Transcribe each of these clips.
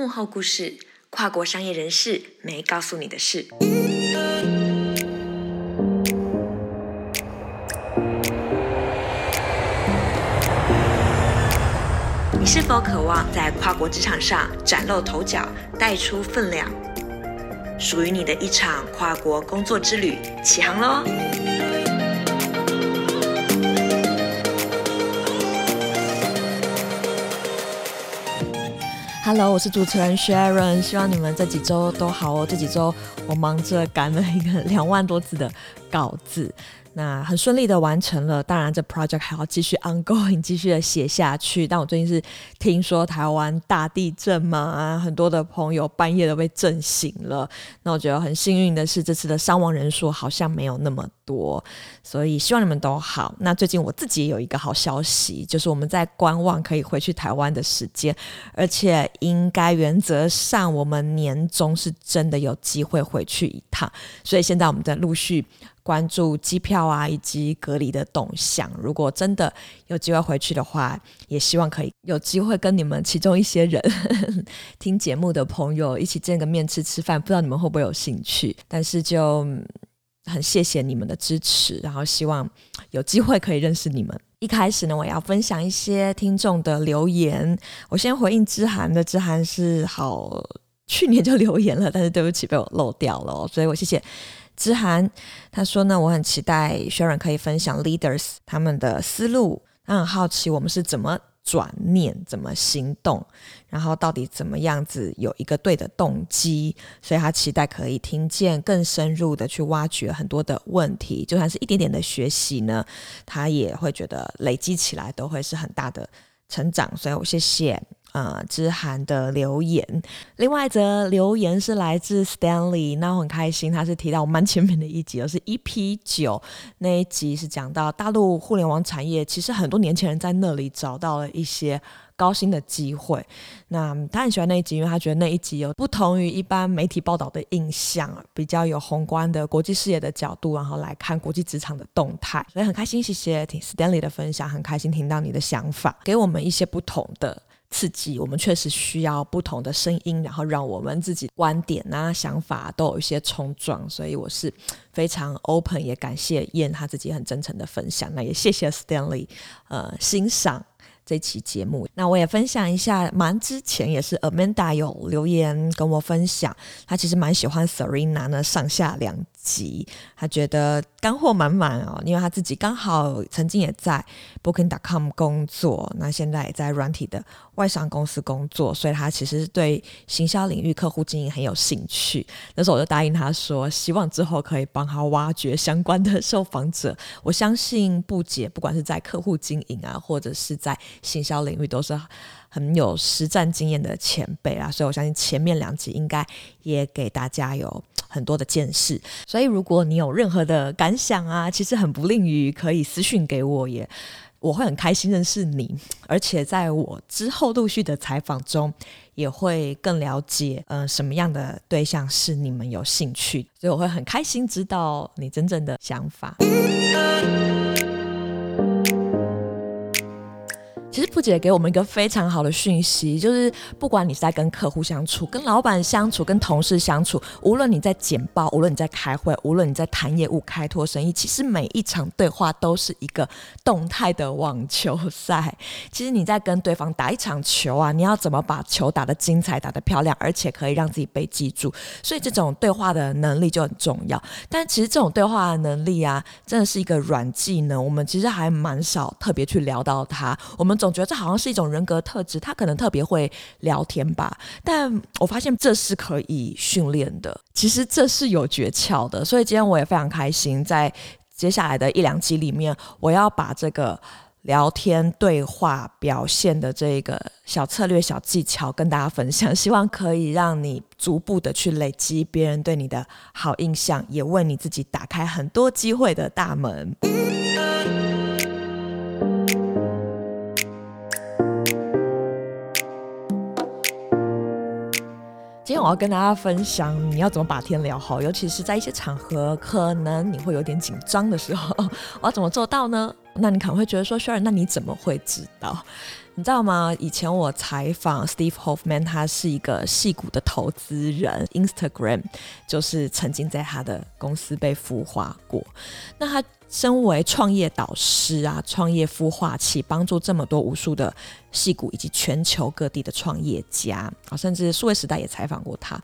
幕後故事：跨國商業人士沒告訴你的事。你是否渴望在跨國職場上嶄露頭角，帶出分量？屬於你的一場跨國工作之旅，起航咯！Hello，我是主持人 Sharon，希望你們這幾周都好哦。這幾周我忙着趕了一個兩萬多字的稿子。那很順利的完成了，當然這 project 還要繼續 ongoing 繼續的寫下去。但我最近是聽說台灣大地震嘛，很多的朋友半夜都被震醒了。那我覺得很幸運的是，這次的傷亡人數好像沒有那麼多，所以希望你們都好。那最近我自己也有一個好消息，就是我們在觀望可以回去台灣的時間，而且應該原則上我們年終是真的有機會回去一趟，所以現在我們在陸續。關注機票啊，以及隔離的動向。如果真的有機會回去的話，也希望可以有機會跟你們其中一些人呵呵聽節目的朋友一起見個面，吃吃飯。不知道你們會不會有興趣？但是就很謝謝你們的支持，然後希望有機會可以認識你們。一開始呢，我要分享一些聽眾的留言。我先回應之涵的，之涵是好去年就留言了，但是對不起被我漏掉了，所以我謝謝。之涵，他說呢，我很期待雪倫可以分享 leaders 他們的思路。他很好奇我們是怎麼轉念、怎麼行動，然後到底怎麼樣子有一個對的動機。所以他期待可以聽見更深入的去挖掘很多的問題，就算是一點點的學習呢，他也會覺得累積起來都會是很大的成長。所以我謝謝。呃，之涵的留言。另外一則留言是來自 Stanley，那我很開心，他是提到我們前面的一集，就是 EP9 那一集是講到大陸互聯網產業，其實很多年輕人在那裡找到了一些高薪的機會。那他很喜歡那一集，因為他覺得那一集有不同於一般媒體報道的印象，比較有宏觀的國際視野的角度，然後來看國際職場的動態。所以很開心，謝謝 Stanley 的分享，很開心聽到你的想法，給我們一些不同的。刺激，我們確實需要不同的聲音，然後讓我們自己觀點啊、想法啊，都有一些衝撞，所以我是非常 open，也感謝燕她自己很真誠的分享，那也謝謝 Stanley，呃，欣賞這期節目，那我也分享一下，蠻之前也是 Amanda 有留言跟我分享，她其實蠻喜歡 Serena 呢，上下兩。他覺得乾貨滿滿哦，因為他自己剛好曾經也在 Booking dot com 工作，那現在也在軟體的外商公司工作，所以他其實對行銷領域客戶經營很有興趣。那時候我就答應他說，希望之後可以幫他挖掘相關的受訪者。我相信布杰，不管是在客戶經營啊，或者是在行銷領域，都是。很有實戰經驗的前輩啊，所以我相信前面兩集應該也給大家有很多的見識。所以如果你有任何的感想啊，其實很不吝於可以私信給我也，我會很開心認識你。而且在我之後陸續的採訪中，也會更了解，嗯、呃、什麼樣的對象是你們有興趣，所以我會很開心知道你真正的想法。嗯嗯其實布姐給我們一個非常好的訊息，就是不管你是在跟客戶相處、跟老板相處、跟同事相處，無論你在簡報，無論你在開會，無論你在談業務、開拓生意，其實每一場對話都是一個動態的網球賽。其實你在跟對方打一場球啊，你要怎麼把球打得精彩、打得漂亮，而且可以讓自己被記住，所以這種對話的能力就很重要。但其實這種對話的能力啊，真的是一個軟技能，我們其實還蠻少特別去聊到它。我們總覺得這好像是一種人格特質，他可能特別會聊天吧。但我發現這是可以訓練的，其實這是有訣竅的。所以今天我也非常開心，在接下來的一兩集裡面，我要把這個聊天對話表現的這個小策略、小技巧跟大家分享，希望可以讓你逐步的去累積別人對你的好印象，也為你自己打開很多機會的大門。我要跟大家分享，你要怎麼把天聊好，尤其是在一些場合，可能你會有點緊張的時候，我要怎麼做到呢？那你可能會覺得說，Sharon，那你怎麼會知道？你知道嗎？以前我採訪 Steve Hoffman，他是一個矽谷的投資人，Instagram 就是曾經在他的公司被孵化過，那他。身為創業導師啊，創業孵化器，幫助這麼多無數的矽谷以及全球各地的創業家啊，甚至數位時代也採訪過他。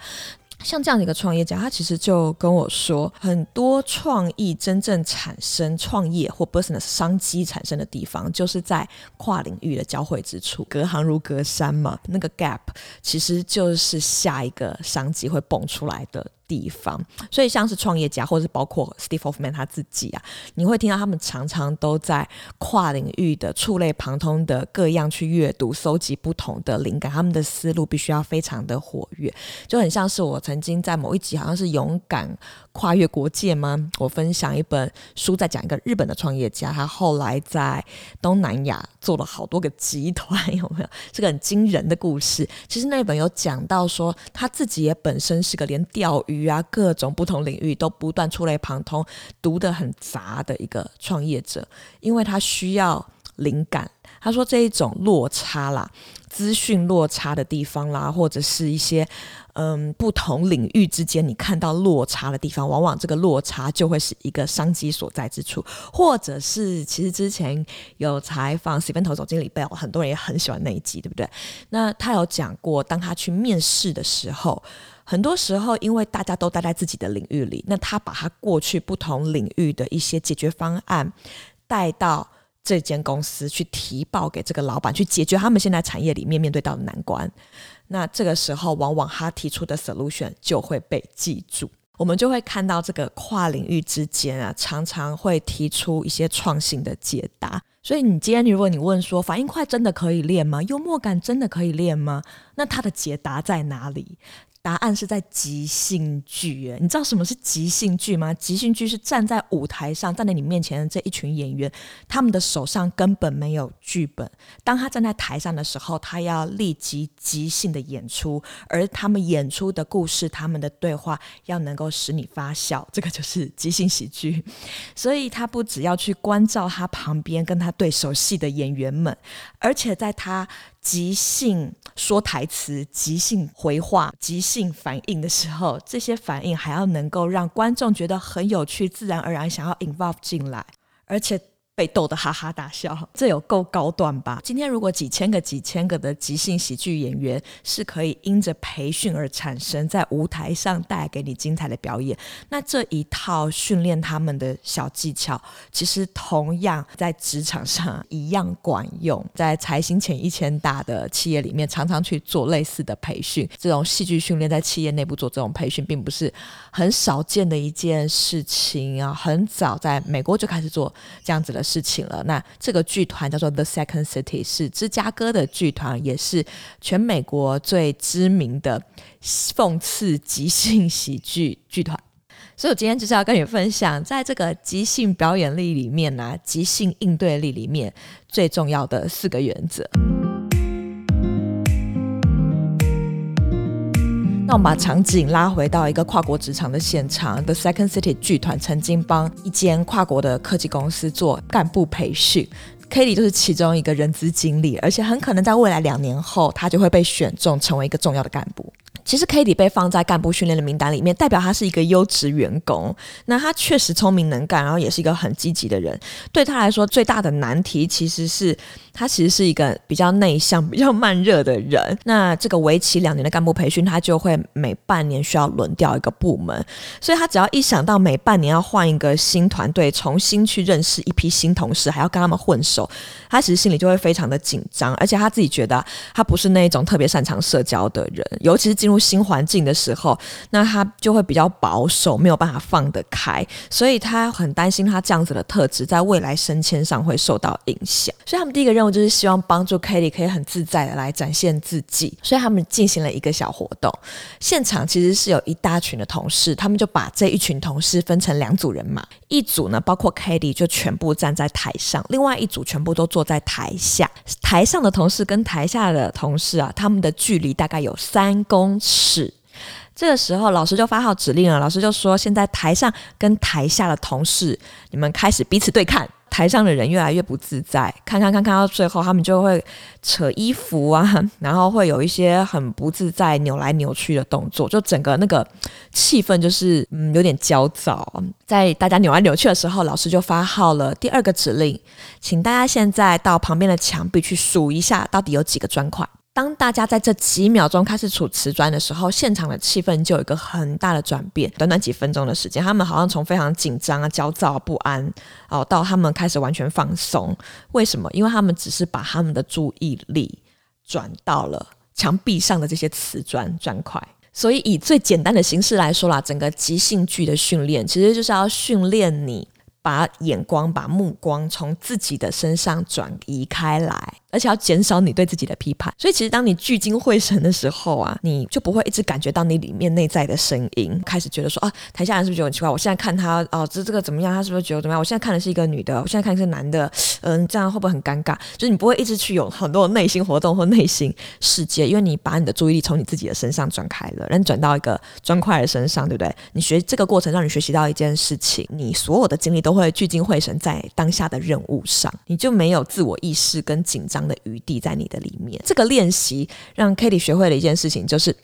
像這樣的一個創業家，他其實就跟我說，很多創意真正產生創業或 business 商機產生的地方，就是在跨領域的交匯之處。隔行如隔山嘛，那個 gap 其實就是下一個商機會蹦出來的地方，所以像是創業家，或是包括 Steve Hoffman 他自己啊，你會聽到他們常常都在跨領域的觸類旁通的各樣去閱讀、蒐集不同的靈感，他們的思路必須要非常的活躍，就很像是我曾經在某一集好像是勇敢跨越國界嗎？我分享一本書，在講一個日本的創業家，他後來在東南亞做了好多個集團，有沒有？這個很驚人的故事。其實那本有講到說，他自己也本身是個連釣魚啊，各種不同領域都不斷觸類旁通、讀得很雜的一個創業者，因為他需要靈感。他說這一種落差啦。資訊落差的地方啦，或者是一些嗯不同領域之間你看到落差的地方，往往這個落差就會是一個商機所在之處，或者是其實之前有採訪 Steven 投總經理 Bill，很多人也很喜歡那一集，對不對？那他有講過，當他去面試的時候，很多時候因為大家都待在自己的領域裡，那他把他過去不同領域的一些解決方案帶到。這間公司去提報給這個老闆去解決他們現在產業裡面面對到的難關，那這個時候往往他提出的 solution 就會被記住，我們就會看到這個跨領域之間啊，常常會提出一些創新的解答。所以你今天如果你問說反應快真的可以練嗎？幽默感真的可以練嗎？那他的解答在哪裡？答案是在即興劇。誒，你知道什麼是即興劇嗎？即興劇是站在舞台上，站在你面前的這一群演員，他們的手上根本沒有劇本。當他站在台上的時候，他要立即即興的演出，而他們演出的故事、他們的對話要能夠使你發笑。這個就是即興喜劇。所以他不只要去關照他旁邊跟他對手戲的演員們，而且在他。即興說台詞、即興回話、即興反應的時候，這些反應還要能夠讓觀眾覺得很有趣，自然而然想要 involve 進來，而且。被逗得哈哈大笑，這有夠高端吧？今天如果幾千個、幾千個的即興喜劇演員是可以因着培訓而產生在舞台上帶給你精彩的表演，那這一套訓練他們的小技巧，其實同樣在職場上、啊、一樣管用。在財星前一千大的企業裡面，常常去做類似的培訓。這種戲劇訓練在企業內部做這種培訓，並不是很少見的一件事情啊。很早在美國就開始做這樣子的。事情了。那這個劇團叫做 The Second City，是芝加哥的劇團，也是全美國最知名的諷刺即興喜劇劇團。所以我今天就是要跟你分享，在這個即興表演力裡面呢、啊，即興應對力裡面最重要的四個原則。那我們把場景拉回到一個跨國職場的現場，The Second City 劇團曾經幫一間跨國的科技公司做幹部培訓，Katie 就是其中一個人資經理，而且很可能在未來兩年後，她就會被選中成為一個重要的幹部。其實 Katie 被放在幹部訓練的名單裡面，代表她是一個優質員工。那她確實聰明能幹，然後也是一個很積極的人。對她來說，最大的難題其實是。他其實是一個比較內向、比較慢熱的人。那這個為期兩年的幹部培訓，他就會每半年需要輪調一個部門，所以他只要一想到每半年要換一個新團隊，重新去認識一批新同事，還要跟他們混熟，他其實心裡就會非常的緊張。而且他自己覺得他不是那一種特別擅長社交的人，尤其是進入新環境的時候，那他就會比較保守，沒有辦法放得開。所以他很擔心他這樣子的特質在未來升遷上會受到影響。所以他們第一個認為。就是希望幫助 Katie 可以很自在的來展現自己，所以他們進行了一個小活動。現場其實是有一大群的同事，他們就把這一群同事分成兩組人馬，一組呢包括 Katie 就全部站在台上，另外一組全部都坐在台下。台上的同事跟台下的同事啊，他們的距離大概有三公尺。這個時候老師就發號指令了，老師就說：“現在台上跟台下的同事，你們開始彼此對看。”台上的人越來越不自在，看看看，看到最後他們就會扯衣服啊，然後會有一些很不自在、扭來扭去的動作，就整個那個氣氛就是嗯有點焦躁。在大家扭來扭去的時候，老師就發號了第二個指令，請大家現在到旁邊的牆壁去數一下，到底有幾個磚塊。當大家在這幾秒鐘開始數瓷磚的時候，現場的氣氛就有一個很大的轉變。短短幾分鐘的時間，他們好像從非常緊張啊、焦躁不安，哦，到他們開始完全放鬆。為什麼？因為他們只是把他們的注意力轉到了牆壁上的這些瓷磚磚塊。所以，以最簡單的形式來說啦，整個即興劇的訓練其實就是要訓練你把眼光、把目光從自己的身上轉移開來。而且要減少你對自己的批判，所以其實當你聚精會神的時候啊，你就不會一直感覺到你裡面內在的聲音，開始覺得說啊，台下人是不是覺得很奇怪？我現在看他哦，這、啊、這個怎麼樣？他是不是覺得怎麼樣？我現在看的是一個女的，我現在看的是男的，嗯、呃，這樣會不會很尷尬？就是你不會一直去有很多的內心活動或內心世界，因為你把你的注意力從你自己的身上轉開了，讓你轉到一個磚塊的身上，對不對？你學這個過程，讓你學習到一件事情，你所有的精力都會聚精會神在當下的任務上，你就沒有自我意識跟緊張的餘地在你的裡面。這個練習讓 Katie 學會了一件事情，就是。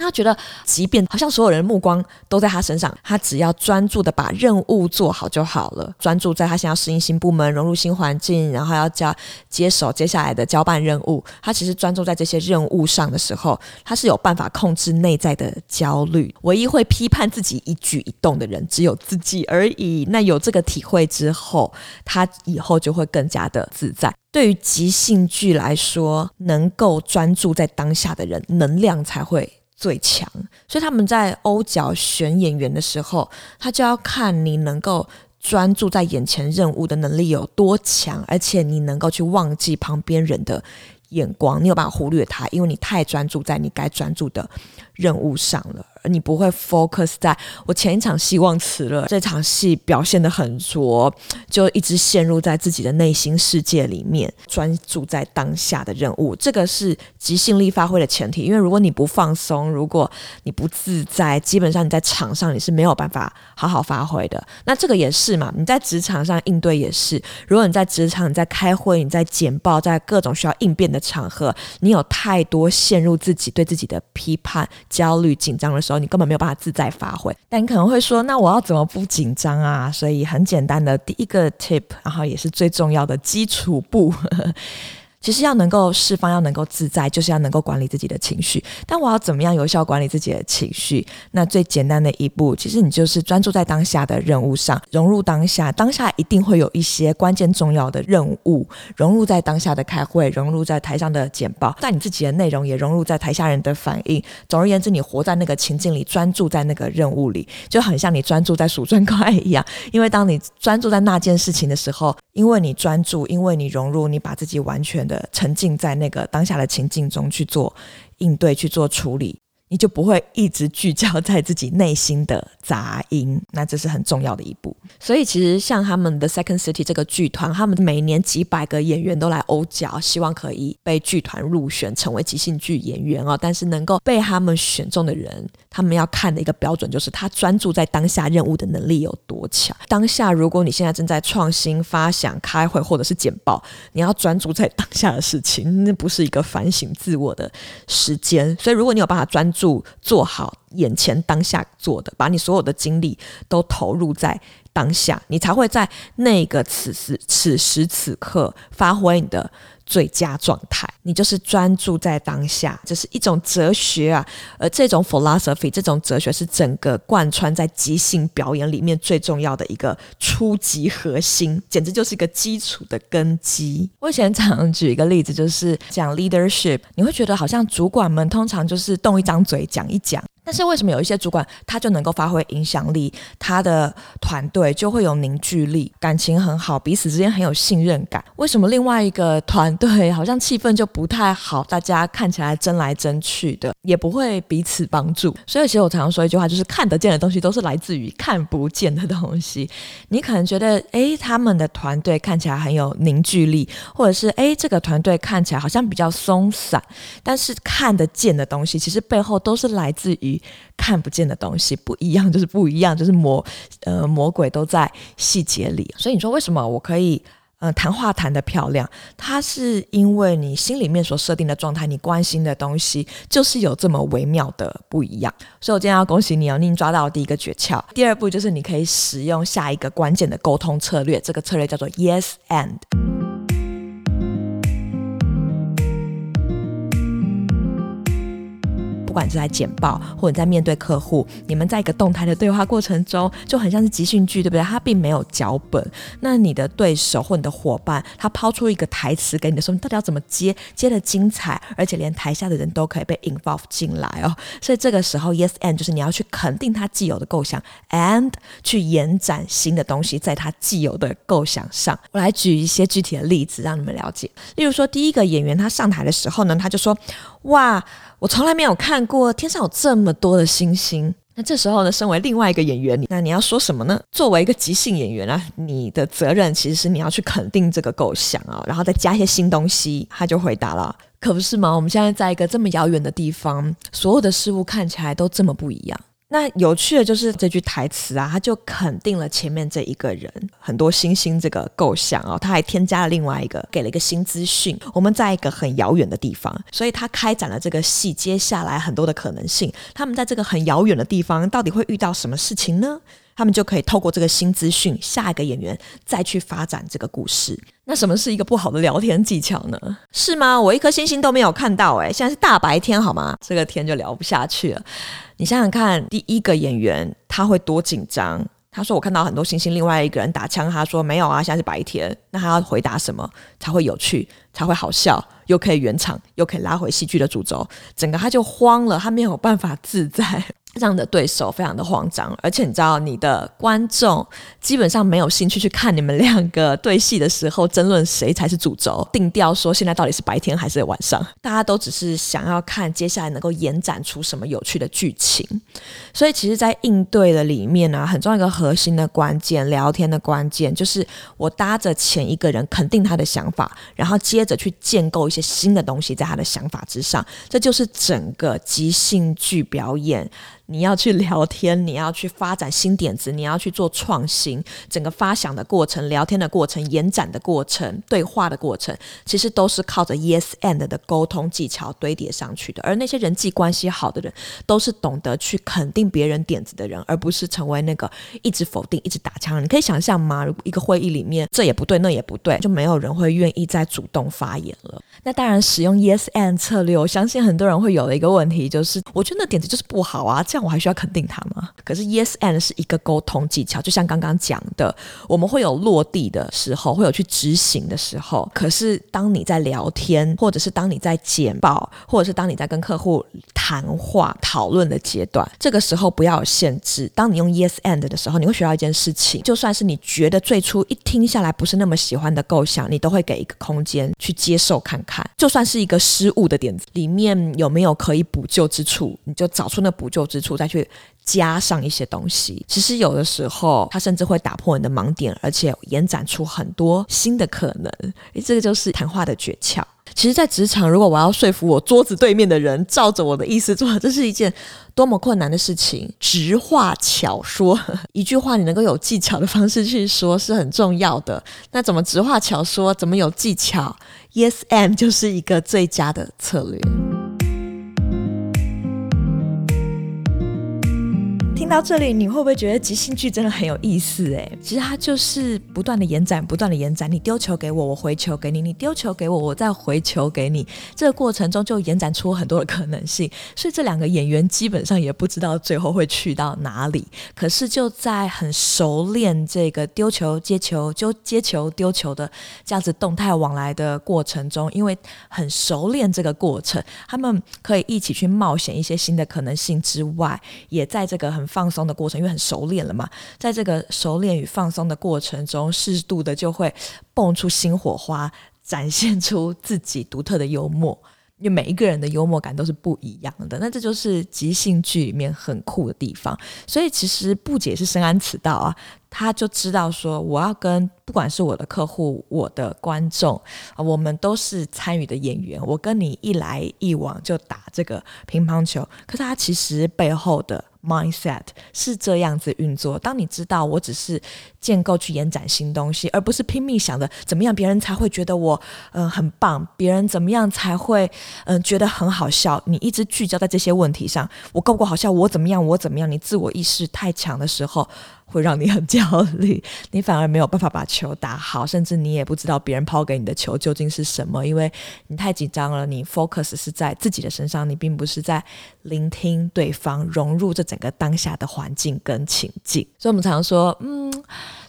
他覺得，即便好像所有人目光都在他身上，他只要專注的把任務做好就好了。專注在他想要適應新部門、融入新環境，然後要交接手接下來的交辦任務。他其實專注在這些任務上的時候，他是有辦法控制內在的焦慮。唯一會批判自己一舉一動的人，只有自己而已。那有這個體會之後，他以後就會更加的自在。對於即興劇來說，能夠專注在當下的人，能量才會最強，所以他們在歐角選演員的時候，他就要看你能夠專注在眼前任務的能力有多強，而且你能夠去忘記旁邊人的眼光，你有辦法忽略他，因為你太專注在你該專注的任務上了。你不會 focus 在我前一場戲忘詞了，這場戲表現得很拙，就一直陷入在自己的內心世界裡面，專注在當下的任務。這個是即興力發揮的前提，因為如果你不放鬆，如果你不自在，基本上你在場上你是沒有辦法好好發揮的。那這個也是嘛，你在職場上應對也是，如果你在職場，你在開會，你在簡報，在各種需要應變的場合，你有太多陷入自己對自己的批判、焦慮、緊張的時候。你根本沒有辦法自在發揮，但你可能會說，那我要怎麼不緊張啊？所以很簡單的第一個 tip，然後也是最重要的基礎步。 其實要能夠釋放，要能夠自在，就是要能夠管理自己的情緒。但我要怎麼樣有效管理自己的情緒？那最簡單的一步，其實你就是專注在當下的任務上，融入當下。當下一定會有一些關鍵重要的任務，融入在當下的開會，融入在台上的簡報，在你自己的內容也融入在台下人的反應。總而言之，你活在那個情境裡，專注在那個任務裡，就很像你專注在數磚塊一樣。因為當你專注在那件事情的時候，因為你專注，因為你融入，你把自己完全的沉浸在那個當下的情境中去做應對，去做處理。你就不會一直聚焦在自己內心的雜音，那這是很重要的一步。所以，其實像他們的 Second City 這個劇團，他們每年幾百個演員都來歐角，希望可以被劇團入選成為即興劇演員哦。但是能夠被他們選中的人，他們要看的一個標準就是他專注在當下任務的能力有多強。當下，如果你現在正在創新發想、開會或者是簡報，你要專注在當下的事情，那不是一個反省自我的時間。所以，如果你有辦法專注。做好眼前當下做的，把你所有的精力都投入在當下，你才會在那個此時此時此刻發揮你的最佳狀態，你就是專注在當下，就是一種哲學啊。而這種 philosophy，這種哲學是整個貫穿在即興表演裡面最重要的一個初級核心，簡直就是一個基礎的根基。我以前常舉一個例子，就是講 leadership，你會覺得好像主管們通常就是動一張嘴講一講。但是為什麼有一些主管他就能夠發揮影響力，他的團隊就會有凝聚力，感情很好，彼此之間很有信任感？為什麼另外一個團隊好像氣氛就不太好，大家看起來爭來爭去的，也不會彼此幫助？所以其實我常常說一句話，就是看得見的東西都是來自於看不見的東西。你可能覺得，欸，他們的團隊看起來很有凝聚力，或者是欸，這個團隊看起來好像比較鬆散，但是看得見的東西其實背後都是來自於。看不見的東西不一樣，就是不一樣，就是魔，呃，魔鬼都在細節裡。所以你說為什麼我可以，嗯、呃、談話談得漂亮，它是因為你心裡面所設定的狀態，你關心的東西就是有這麼微妙的不一樣。所以，我今天要恭喜你哦，你抓到第一個訣竅。第二步就是你可以使用下一個關鍵的溝通策略，這個策略叫做 Yes and。不管是在簡報，或者在面對客戶，你們在一個動態的對話過程中，就很像是即興劇，對不對？它並沒有腳本。那你的對手或你的夥伴，他拋出一個台詞給你的時候，你到底要怎麼接？接得精彩，而且連台下的人都可以被 involve 進來哦。所以這個時候，Yes and 就是你要去肯定他既有的構想，and 去延展新的東西在他既有的構想上。我來舉一些具體的例子讓你們了解。例如說，第一個演員他上台的時候呢，他就說。哇，我從來沒有看過天上有這麼多的星星。那這時候呢，身為另外一個演員，那你要說什麼呢？作為一個即興演員啊，你的責任其實是你要去肯定這個構想啊、哦，然後再加一些新東西。他就回答了：“可不是嗎？我們現在在一個這麼遙遠的地方，所有的事物看起來都這麼不一樣。”那有趣的就是這句台詞啊，他就肯定了前面這一個人很多星星這個構想哦，他還添加了另外一個，給了一個新資訊，我們在一個很遙遠的地方，所以他開展了這個戲，接下來很多的可能性，他們在這個很遙遠的地方到底會遇到什麼事情呢？他們就可以透過這個新資訊，下一個演員再去發展這個故事。那什麼是一個不好的聊天技巧呢？是嗎？我一顆星星都沒有看到。欸，誒，現在是大白天好嗎？這個天就聊不下去了。你想想看，第一個演員他會多緊張？他說我看到很多星星，另外一個人打槍，他說沒有啊，現在是白天。那他要回答什麼才會有趣？才會好笑？又可以圓場，又可以拉回戲劇的主軸？整個他就慌了，他沒有辦法自在。讓你的對手非常的慌張，而且你知道，你的觀眾基本上沒有興趣去看你們兩個對戲的時候爭論誰才是主軸，定調說現在到底是白天還是晚上，大家都只是想要看接下來能夠延展出什麼有趣的劇情。所以，其實，在應對的裡面呢，很重要一個核心的關鍵，聊天的關鍵就是我搭着前一個人肯定他的想法，然後接着去建構一些新的東西在他的想法之上。這就是整個即興劇表演。你要去聊天，你要去發展新點子，你要去做創新，整個發想的過程、聊天的過程、延展的過程、對話的過程，其實都是靠着 Yes and 的溝通技巧堆疊上去的。而那些人際關係好的人，都是懂得去肯定別人點子的人，而不是成為那個一直否定、一直打槍人。你可以想象嗎？如果一個會議裡面，這也不對，那也不對，就沒有人會願意再主動發言了。那當然，使用 Yes and 策略，我相信很多人會有的一個問題就是，我覺得那點子就是不好啊，我還需要肯定他嗎？可是 Yes and 是一個溝通技巧，就像剛剛講的，我們會有落地的時候，會有去執行的時候。可是當你在聊天，或者是當你在簡報，或者是當你在跟客戶談話討論的階段，這個時候不要有限制。當你用 Yes and 的時候，你會學到一件事情：就算是你覺得最初一聽下來不是那麼喜歡的構想，你都會給一個空間去接受看看。就算是一個失誤的點子，裡面有沒有可以補救之處，你就找出那補救之處。再去加上一些東西，其實有的時候它甚至會打破你的盲點，而且延展出很多新的可能。誒，這個就是談話的訣竅。其實，在職場，如果我要說服我桌子對面的人照着我的意思做，這是一件多麼困難的事情。直話巧說， 一句話你能夠有技巧的方式去說是很重要的。那怎麼直話巧說？怎麼有技巧？ESM 就是一個最佳的策略。聽到這裡，你會不會覺得即興劇真的很有意思欸？哎，其實它就是不斷的延展，不斷的延展。你丟球給我，我回球給你；你丟球給我，我再回球給你。這個過程中就延展出很多的可能性。所以這兩個演員基本上也不知道最後會去到哪裡。可是就在很熟練這個丟球接球就接球丟球的這樣子動態往來的過程中，因為很熟練這個過程，他們可以一起去冒險一些新的可能性之外，也在這個很。放鬆的過程，因為很熟練了嘛，在這個熟練與放鬆的過程中，適度的就會蹦出新火花，展現出自己獨特的幽默。因為每一個人的幽默感都是不一樣的，那這就是即興劇裡面很酷的地方。所以其實不解是深諳此道啊。他就知道說，我要跟不管是我的客戶、我的觀眾、呃，我們都是參與的演員。我跟你一來一往就打這個乒乓球。可是他其實背後的 mindset 是這樣子運作。當你知道我只是建構去延展新東西，而不是拼命想着怎麼樣別人才會覺得我嗯、呃、很棒，別人怎麼樣才會嗯、呃、覺得很好笑，你一直聚焦在這些問題上，我夠不夠好好笑？我怎麼樣？我怎麼樣？你自我意識太強的時候，會讓你很焦慮，你反而沒有辦法把球打好，甚至你也不知道別人拋給你的球究竟是什麼，因為你太緊張了。你 focus 是在自己的身上，你並不是在聆聽對方，融入這整個當下的環境跟情境。所以，我們常說，嗯，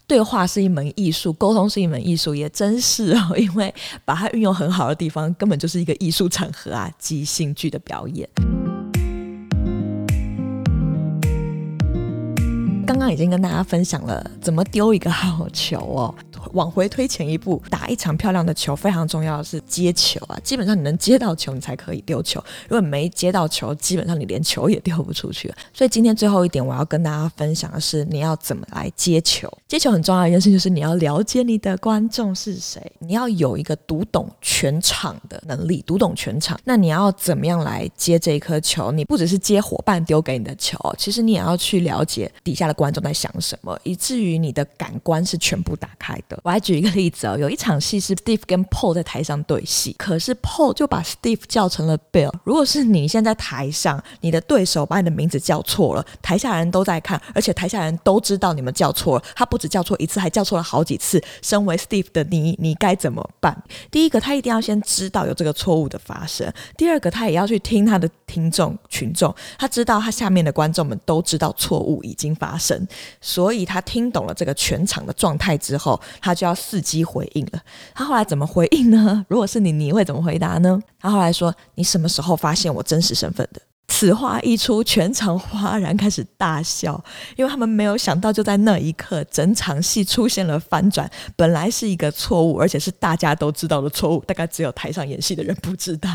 對話是一門藝術，溝通是一門藝術，也真是哦，因為把它運用很好的地方，根本就是一個藝術場合啊，即興劇的表演。剛剛已經跟大家分享了怎麼丟一個好球哦。往回推前一步，打一場漂亮的球，非常重要的是接球啊！基本上你能接到球，你才可以丟球。如果沒接到球，基本上你連球也丟不出去啊。所以今天最後一點，我要跟大家分享的是，你要怎麼來接球。接球很重要的一件事就是你要了解你的觀眾是誰，你要有一個讀懂全場的能力。讀懂全場，那你要怎麼樣來接這一顆球？你不只是接夥伴丟給你的球，其實你也要去了解底下的觀眾在想什麼，以至於你的感官是全部打開。我還舉一個例子哦，有一場戲是 Steve 跟 Paul 在台上對戲，可是 Paul 就把 Steve 叫成了 Bill。如果是你現在台上，你的對手把你的名字叫錯了，台下人都在看，而且台下人都知道你們叫錯了。他不止叫錯一次，還叫錯了好幾次。身為 Steve 的你，你該怎麼辦？第一個，他一定要先知道有這個錯誤的發生；第二個，他也要去聽他的聽眾群眾，他知道他下面的觀眾們都知道錯誤已經發生，所以他聽懂了這個全場的狀態之後。他就要伺機回應了。他後來怎麼回應呢？如果是你，你會怎麼回答呢？他後來說：“你什麼時候發現我真實身份的？”此話一出，全場嘩然，開始大笑，因為他們沒有想到，就在那一刻，整場戲出現了翻轉。本來是一個錯誤，而且是大家都知道的錯誤，大概只有台上演戲的人不知道。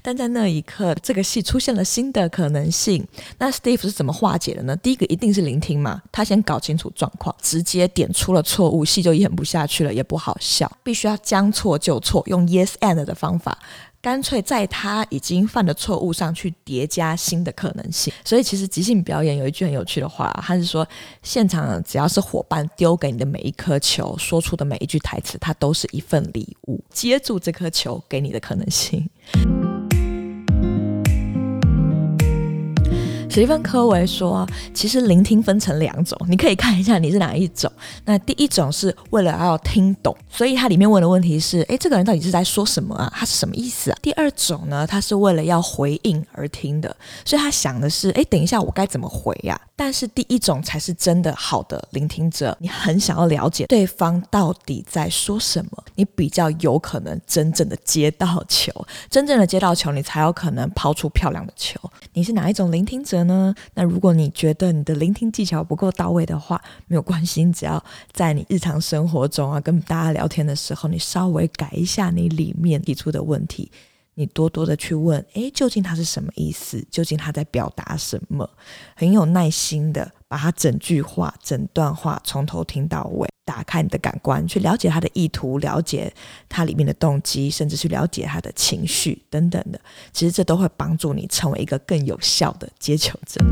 但在那一刻，這個戲出現了新的可能性。那 Steve 是怎麼化解的呢？第一個一定是聆聽嘛，他先搞清楚狀況，直接點出了錯誤，戲就演不下去了，也不好笑，必須要將錯就錯，用 Yes and 的方法。乾脆在他已經犯的錯誤上去疊加新的可能性，所以其實即興表演有一句很有趣的話，他是說：現場只要是夥伴丟給你的每一顆球，說出的每一句台詞，它都是一份禮物，接住這顆球給你的可能性。史蒂芬·科維說，其實聆聽分成兩種，你可以看一下你是哪一種。那第一種是為了要聽懂，所以他裡面問的問題是：誒、欸，這個人到底是在說什麼啊？他是什麼意思啊？第二種呢，他是為了要回應而聽的，所以他想的是：誒、欸，等一下我該怎麼回呀、啊？但是第一種才是真的好的聆聽者，你很想要了解對方到底在說什麼，你比較有可能真正的接到球，真正的接到球，你才有可能拋出漂亮的球。你是哪一種聆聽者呢？那如果你覺得你的聆聽技巧不夠到位的話，沒有關係，你只要在你日常生活中啊，跟大家聊天的時候，你稍微改一下你裡面提出的問題。你多多的去問，誒，究竟他是什麼意思？究竟他在表達什麼？很有耐心的把他整句話、整段話從頭聽到尾，打開你的感官，去了解他的意圖，了解他裡面的動機，甚至去了解他的情緒等等的。其實這都會幫助你成為一個更有效的接球者。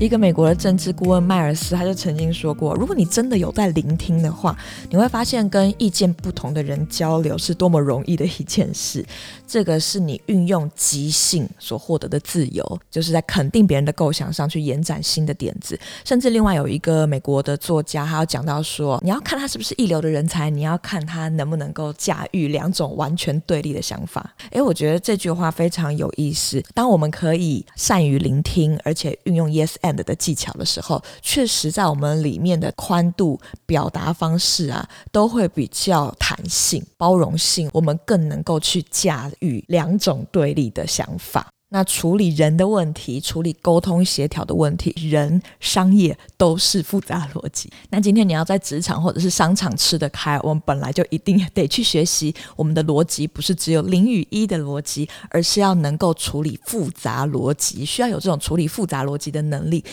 一個美國的政治顧問邁爾斯，他就曾經說過，如果你真的有在聆聽的話，你會發現跟意見不同的人交流是多麼容易的一件事。這個是你運用即興所獲得的自由，就是在肯定別人的構想上去延展新的點子。甚至另外有一個美國的作家，他有講到說，你要看他是不是一流的人才，你要看他能不能夠駕馭兩種完全對立的想法。哎，我覺得這句話非常有意思。當我們可以善於聆聽，而且運用 Yes 的技巧的時候，確實在我們裡面的寬度表達方式啊，都會比較彈性、包容性，我們更能夠去駕馭兩種對立的想法。那處理人的問題，處理溝通協調的問題，人商業都是複雜邏輯。那今天你要在職場或者是商場吃得開，我們本來就一定得去學習我們的邏輯，不是只有零與一的邏輯，而是要能夠處理複雜邏輯，需要有這種處理複雜邏輯的能力。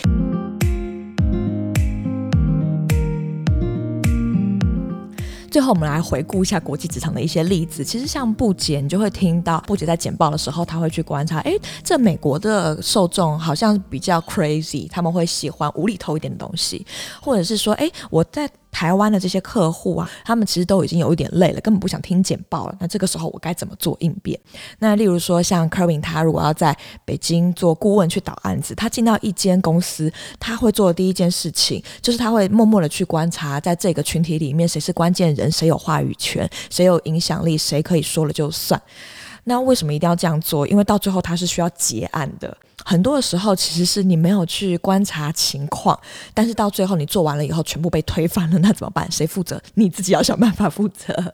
最後，我們來回顧一下國際職場的一些例子。其實，像布姐，你就會聽到布姐在簡報的時候，他會去觀察，哎、欸，這美國的受眾好像比較 crazy，他們會喜歡無厘頭一點的東西，或者是說，哎、欸，我在。台灣的這些客戶啊，他們其實都已經有一點累了，根本不想聽簡報了。那這個時候我該怎麼做應變？那例如說像 Kerwin，他如果要在北京做顧問去導案子，他進到一間公司，他會做的第一件事情就是他會默默的去觀察，在這個群體裡面誰是關鍵人，誰有話語權，誰有影響力，誰可以說了就算。那為什麼一定要這樣做？因為到最後他是需要結案的。很多的時候其實是你沒有去觀察情況，但是到最後你做完了以後全部被推翻了，那怎麼辦？誰負責？你自己要想辦法負責。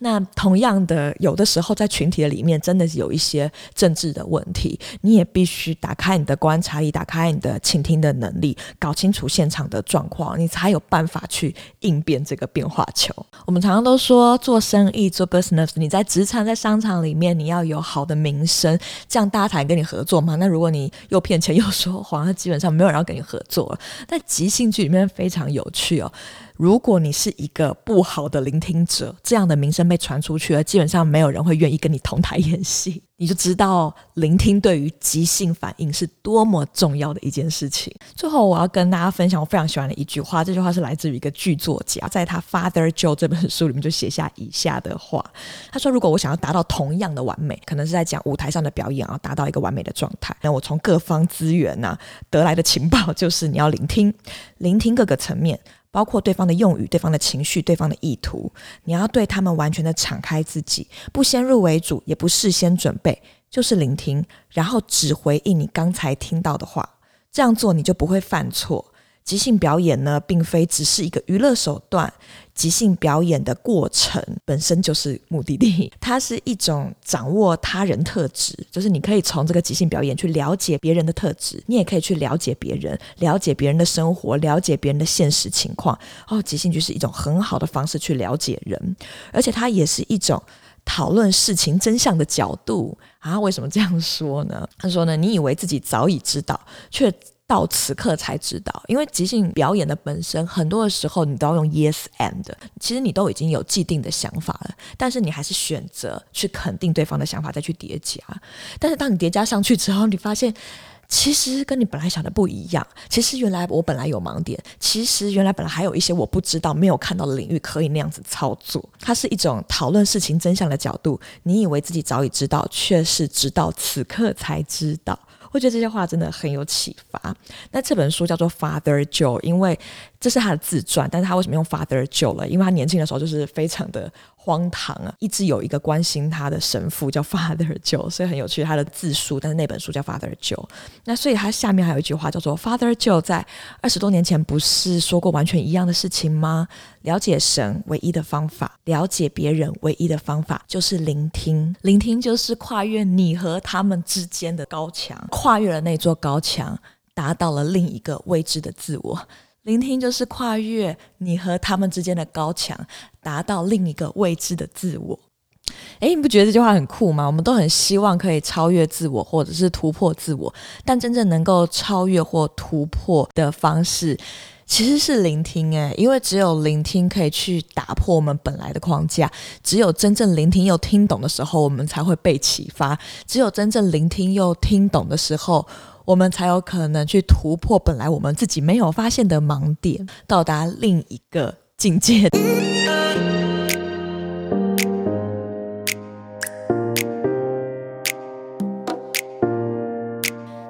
那同樣的，有的時候在群體的裡面，真的有一些政治的問題，你也必須打開你的觀察力，打開你的傾聽的能力，搞清楚現場的狀況，你才有辦法去應變這個變化球。我們常常都說做生意做 business，你在職場在商場裡面，你要有好的名聲，這樣大家才能跟你合作嘛。那如果你又騙錢又說謊，基本上沒有人要跟你合作。但即興劇裡面非常有趣哦。如果你是一個不好的聆聽者，這樣的名聲被傳出去了，基本上沒有人會願意跟你同台演戲。你就知道聆聽對於即興反應是多麼重要的一件事情。最後，我要跟大家分享我非常喜歡的一句話，這句話是來自於一個劇作家，在他《Father Joe》這本書裡面就寫下以下的話。他說：“如果我想要達到同樣的完美，可能是在講舞台上的表演，要達到一個完美的狀態。那我從各方資源吶、啊、得來的情報，就是你要聆聽，聆聽各個層面。”包括對方的用語、對方的情緒、對方的意圖，你要對他們完全的敞開自己，不先入為主，也不事先準備，就是聆聽，然後只回應你剛才聽到的話。這樣做你就不會犯錯。即興表演呢，並非只是一個娛樂手段。即興表演的過程本身就是目的地，它是一種掌握他人特質，就是你可以從這個即興表演去了解別人的特質，你也可以去了解別人，了解別人的生活，了解別人的現實情況。哦，即興就是一種很好的方式去了解人，而且它也是一種討論事情真相的角度。啊，為什麼這樣說呢？他說呢，你以為自己早已知道，卻。到此刻才知道，因為即興表演的本身，很多的時候你都要用 yes and 的，其實你都已經有既定的想法了，但是你還是選擇去肯定對方的想法再去疊加。但是當你疊加上去之後，你發現其實跟你本來想的不一樣。其實原來我本來有盲點，其實原來本來還有一些我不知道、沒有看到的領域可以那樣子操作。它是一種討論事情真相的角度。你以為自己早已知道，卻是直到此刻才知道。我覺得這些話真的很有啟發。那這本書叫做《Father Joe》，因為。這是他的自傳，但是他為什麼用 Father Joe 了？因為他年輕的時候就是非常的荒唐啊，一直有一個關心他的神父叫 Father Joe，所以很有趣他的自述，但是那本書叫 Father Joe。那所以他下面還有一句話叫做 Father Joe 在二十多年前不是說過完全一樣的事情嗎？了解神唯一的方法，了解別人唯一的方法就是聆聽，聆聽就是跨越你和他們之間的高牆，跨越了那座高牆，達到了另一個未知的自我。聆聽就是跨越你和他們之間的高牆，達到另一個未知的自我。誒，你不覺得這句話很酷嗎？我們都很希望可以超越自我，或者是突破自我，但真正能夠超越或突破的方式，其實是聆聽，欸。誒，因為只有聆聽可以去打破我們本來的框架，只有真正聆聽又聽懂的時候，我們才會被啟發。只有真正聆聽又聽懂的時候。我們才有可能去突破本來我們自己沒有發現的盲點，到達另一個境界。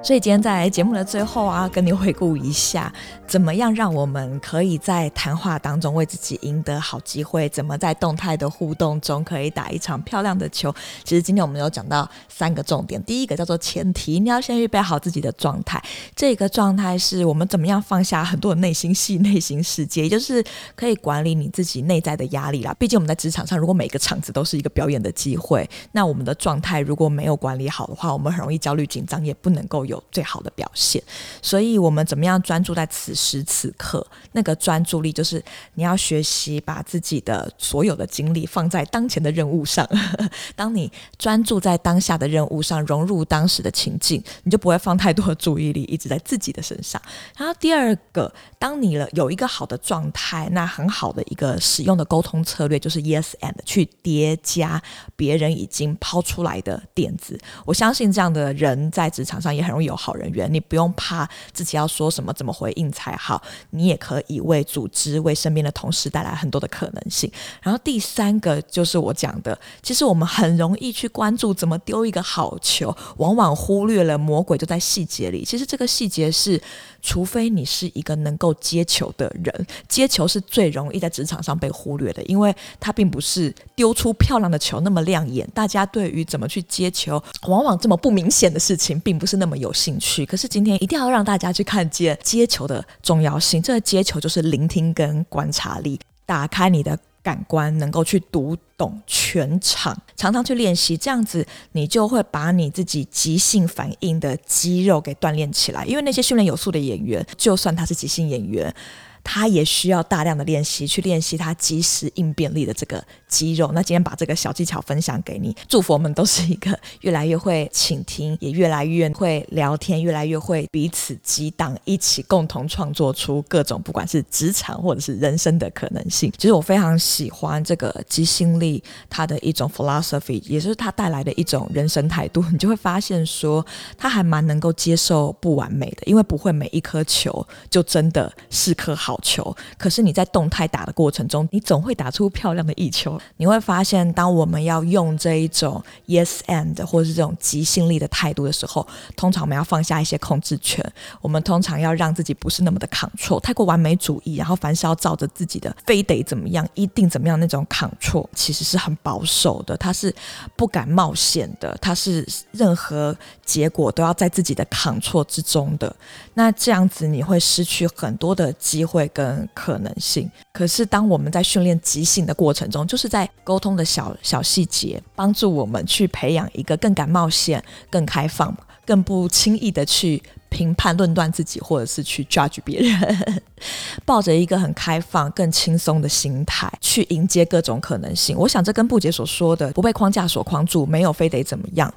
所以今天在節目的最後啊，跟你回顧一下，怎麼樣讓我們可以在談話當中為自己贏得好機會？怎麼在動態的互動中可以打一場漂亮的球？其實今天我們有講到三個重點，第一個叫做前提，你要先預備好自己的狀態。這個狀態是我們怎麼樣放下很多的內心戲、內心世界，也就是可以管理你自己內在的壓力啦。畢竟我們在職場上，如果每個場子都是一個表演的機會，那我們的狀態如果沒有管理好的話，我們很容易焦慮緊張，也不能夠有。最好的表現，所以我們怎麼樣專注在此時此刻？那個專注力就是你要學習把自己的所有的精力放在當前的任務上。 當你專注在當下的任務上，融入當時的情境，你就不會放太多的注意力一直在自己的身上。然後第二個，當你了有一個好的狀態，那很好的一個使用的溝通策略就是 yes and 去疊加別人已經拋出來的點子。我相信這樣的人在職場上也很容易。有好人緣，你不用怕自己要說什麼，怎麼回應才好。你也可以為組織、為身邊的同事帶來很多的可能性。然後第三個就是我講的，其實我們很容易去關注怎麼丟一個好球，往往忽略了魔鬼就在細節裡。其實這個細節是。除非你是一個能夠接球的人，接球是最容易在職場上被忽略的，因為它並不是丟出漂亮的球那麼亮眼。大家對於怎麼去接球，往往這麼不明顯的事情，並不是那麼有興趣。可是今天一定要讓大家去看見接球的重要性，這個接球就是聆聽跟觀察力，打開你的。感官能夠去讀懂全場，常常去練習，這樣子你就會把你自己即興反應的肌肉給鍛鍊起來。因為那些訓練有素的演員，就算他是即興演員，他也需要大量的練習，去練習他即時應變力的這個肌肉。那今天把這個小技巧分享給你，祝福我們都是一個越來越會傾聽，也越來越會聊天，越來越會彼此激盪，一起共同創作出各種不管是職場或者是人生的可能性。其實我非常喜歡這個即興力它的一種 philosophy，也就是它帶來的一種人生態度。你就會發現說，他還蠻能夠接受不完美的，因為不會每一顆球就真的是顆好。好球！可是你在動態打的過程中，你總會打出漂亮的一球。你會發現，當我們要用這一種 yes and 或者是這種即興力的態度的時候，通常我們要放下一些控制權。我們通常要讓自己不是那麼的 control 太過完美主義，然後凡事要照着自己的，非得怎麼樣，一定怎麼樣，那種 control，其實是很保守的，它是不敢冒險的，它是任何結果都要在自己的 control 之中的。那這樣子你會失去很多的機會。會跟可能性，可是當我們在訓練即興的過程中，就是在溝通的小小細節，幫助我們去培養一個更敢冒險、更開放、更不輕易的去評判、論斷自己，或者是去 judge 別人，抱着一個很開放、更輕鬆的心態去迎接各種可能性。我想這跟布杰所說的不被框架所框住，沒有非得怎麼樣。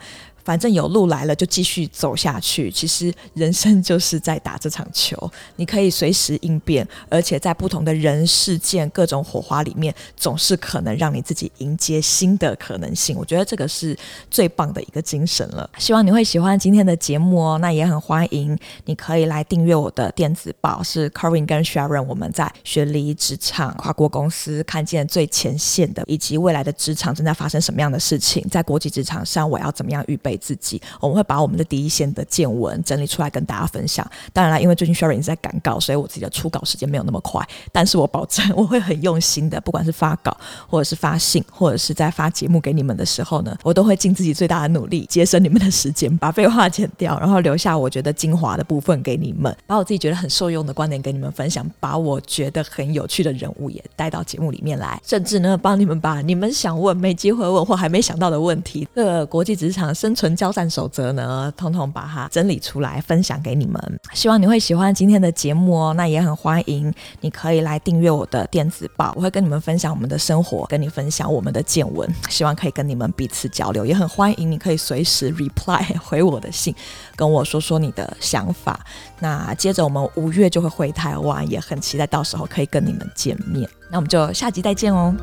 反正有路來了就繼續走下去。其實人生就是在打這場球，你可以隨時應變，而且在不同的人事件、各種火花裡面，總是可能讓你自己迎接新的可能性。我覺得這個是最棒的一個精神了。希望你會喜歡今天的節目哦。那也很歡迎你可以來訂閱我的電子報，是 Kerwin 跟 Sharon，我們在學歷職場、跨國公司看見最前線的，以及未來的職場正在發生什麼樣的事情，在國際職場上我要怎麼樣預備。給自己，我們會把我們的第一線的見聞整理出來跟大家分享。當然啦，因為最近 Sharon 在趕稿，所以我自己的初稿時間沒有那麼快。但是我保證，我會很用心的，不管是發稿，或者是發信，或者是在發節目給你們的時候呢，我都會盡自己最大的努力，節省你們的時間，把廢話剪掉，然後留下我覺得精華的部分給你們，把我自己覺得很受用的觀點給你們分享，把我覺得很有趣的人物也帶到節目裡面來，甚至呢，幫你們把你們想問沒機會問或還沒想到的問題，這個國際職場生存。純交戰守則呢，通通把它整理出來分享給你們。希望你會喜歡今天的節目哦。那也很歡迎，你可以來訂閱我的電子報，我會跟你們分享我們的生活，跟你分享我們的見聞。希望可以跟你們彼此交流，也很歡迎你可以隨時 reply 回我的信，跟我說說你的想法。那接着我們五月就會回台灣，也很期待到時候可以跟你們見面。那我們就下集再見哦。